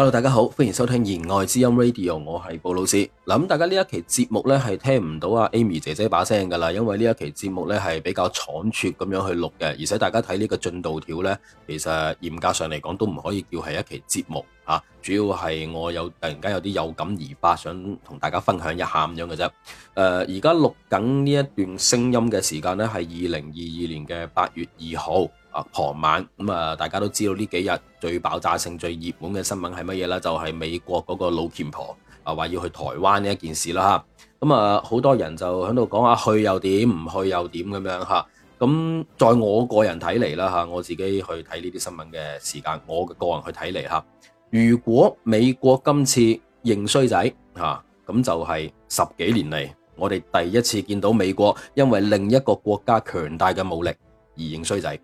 hello，大家好，歡迎收聽言外之音 Radio，我係布老師。嗱，咁大家呢一期節目呢係聽唔到阿 Amy 姐姐把聲噶啦，因為呢一期節目呢係比較倉促咁樣去錄嘅，而且大家睇呢個進度條呢，其實嚴格上嚟講都唔可以叫係一期節目吓，啊，主要係我有突然間有啲有感而發，想同大家分享一下咁樣嘅啫。誒、呃，而家錄緊呢一段聲音嘅時間呢，係二零二二年嘅八月二號。傍晚咁啊，大家都知道呢幾日最爆炸性、最熱門嘅新聞係乜嘢啦？就係、是、美國嗰個老虔婆啊，話要去台灣呢一件事啦。嚇咁啊，好多人就喺度講下去又點，唔去又點咁樣嚇。咁、啊、在、啊、我個人睇嚟啦嚇，我自己去睇呢啲新聞嘅時間，我個人去睇嚟嚇。如果美國今次認衰仔嚇，咁、啊、就係十幾年嚟我哋第一次見到美國因為另一個國家強大嘅武力而認衰仔。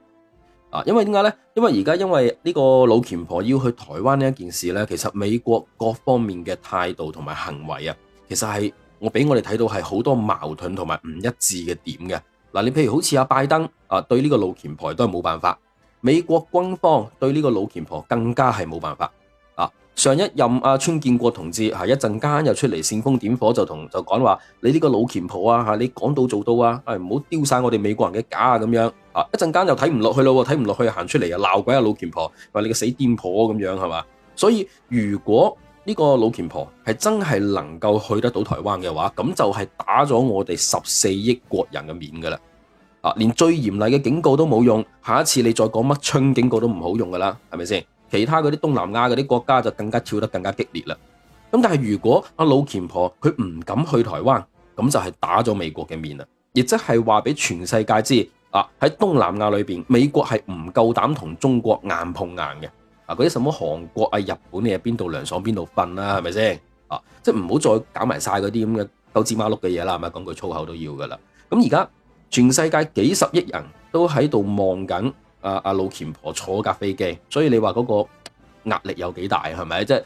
啊，因為點解咧？因為而家因為呢個老乾婆要去台灣呢一件事咧，其實美國各方面嘅態度同埋行為啊，其實係我俾我哋睇到係好多矛盾同埋唔一致嘅點嘅。嗱，你譬如好似阿拜登啊，對呢個老乾婆都係冇辦法；美國軍方對呢個老乾婆更加係冇辦法。上一任阿川、啊、建國同志，係一陣間又出嚟煽風點火，就同就講話：你呢個老虔婆啊，嚇你講到做到啊，唉，唔好丟晒我哋美國人嘅架啊咁樣啊！一陣間又睇唔落去咯，睇唔落去行出嚟啊鬧鬼啊老虔婆，話你個死癲婆咁樣係嘛？所以如果呢個老虔婆係真係能夠去得到台灣嘅話，咁就係打咗我哋十四億國人嘅面噶啦！啊，連最嚴厲嘅警告都冇用，下一次你再講乜春警告都唔好用噶啦，係咪先？其他嗰啲東南亞嗰啲國家就更加跳得更加激烈啦。咁但係如果阿老乾婆佢唔敢去台灣，咁就係打咗美國嘅面啊！亦即係話俾全世界知啊，喺東南亞裏邊，美國係唔夠膽同中國硬碰硬嘅啊！嗰啲什麼韓國啊、日本你喺邊度涼爽邊度瞓啦，係咪先啊？即係唔好再搞埋晒嗰啲咁嘅鬥智馬碌嘅嘢啦，係咪？講句粗口都要噶啦。咁而家全世界幾十億人都喺度望緊。阿阿、啊、老乾婆坐架飛機，所以你話嗰個壓力有幾大係咪？即係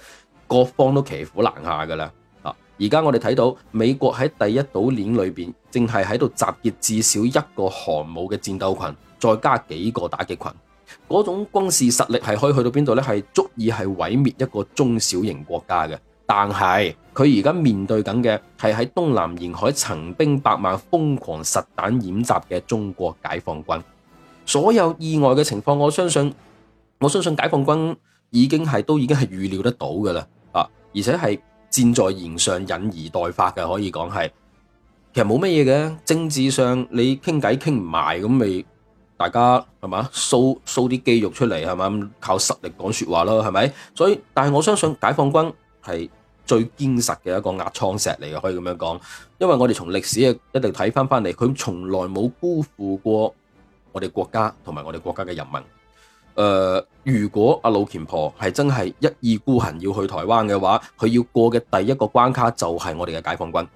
各方都騎虎難下噶啦。而、啊、家我哋睇到美國喺第一島鏈裏邊，淨係喺度集結至少一個航母嘅戰鬥群，再加幾個打擊群，嗰種軍事實力係可以去到邊度呢？係足以係毀滅一個中小型國家嘅。但係佢而家面對緊嘅係喺東南沿海陳兵百萬、瘋狂實彈演習嘅中國解放軍。所有意外嘅情況，我相信，我相信解放軍已經係都已經係預料得到嘅啦，啊！而且係箭在弦上，引而待發嘅，可以講係其實冇乜嘢嘅。政治上你傾偈傾唔埋咁，咪大家係嘛，show show 啲肌肉出嚟係嘛，靠實力講説話咯，係咪？所以，但係我相信解放軍係最堅實嘅一個壓艙石嚟嘅，可以咁樣講，因為我哋從歷史嘅一定睇翻翻嚟，佢從來冇辜負過。我哋國家同埋我哋國家嘅人民，誒、呃，如果阿老鉗婆係真係一意孤行要去台灣嘅話，佢要過嘅第一個關卡就係我哋嘅解放軍。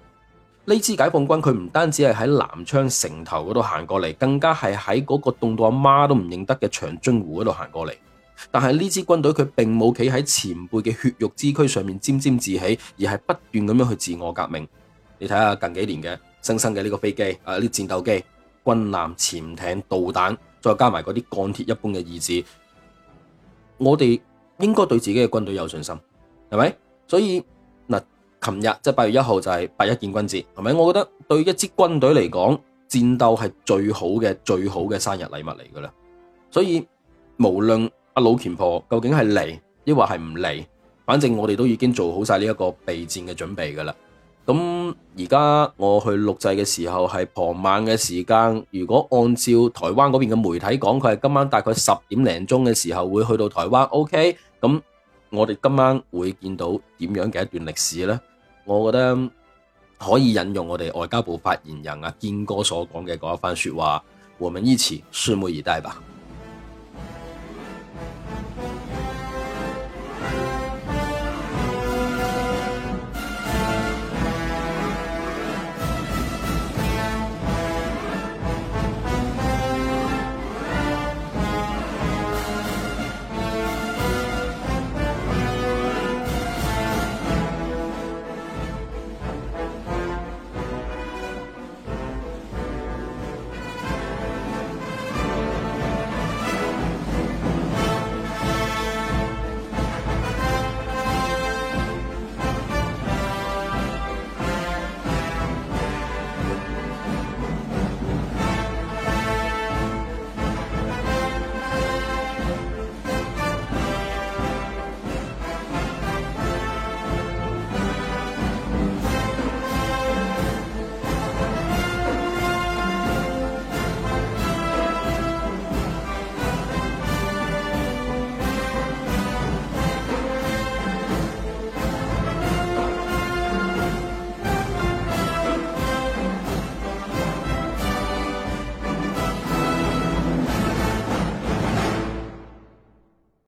呢支解放軍佢唔單止係喺南昌城頭嗰度行過嚟，更加係喺嗰個凍到阿媽都唔認得嘅長津湖嗰度行過嚟。但係呢支軍隊佢並冇企喺前輩嘅血肉之軀上面沾沾自喜，而係不斷咁樣去自我革命。你睇下近幾年嘅新生嘅呢個飛機，啊，啲、這個、戰鬥機。軍艦、潛艇、導彈，再加埋嗰啲鋼鐵一般嘅意志，我哋應該對自己嘅軍隊有信心，係咪？所以嗱，琴日即係八月一號就係八一建軍節，係咪？我覺得對一支軍隊嚟講，戰鬥係最好嘅最好嘅生日禮物嚟噶啦。所以無論阿老鉗婆究竟係嚟抑或係唔嚟，反正我哋都已經做好晒呢一個備戰嘅準備噶啦。咁而家我去錄製嘅時候係傍晚嘅時間，如果按照台灣嗰邊嘅媒體講，佢係今晚大概十點零鐘嘅時候會去到台灣。OK，咁我哋今晚會見到點樣嘅一段歷史呢？我覺得可以引用我哋外交部發言人啊建哥所講嘅嗰一番說話，我們一起拭目以待吧。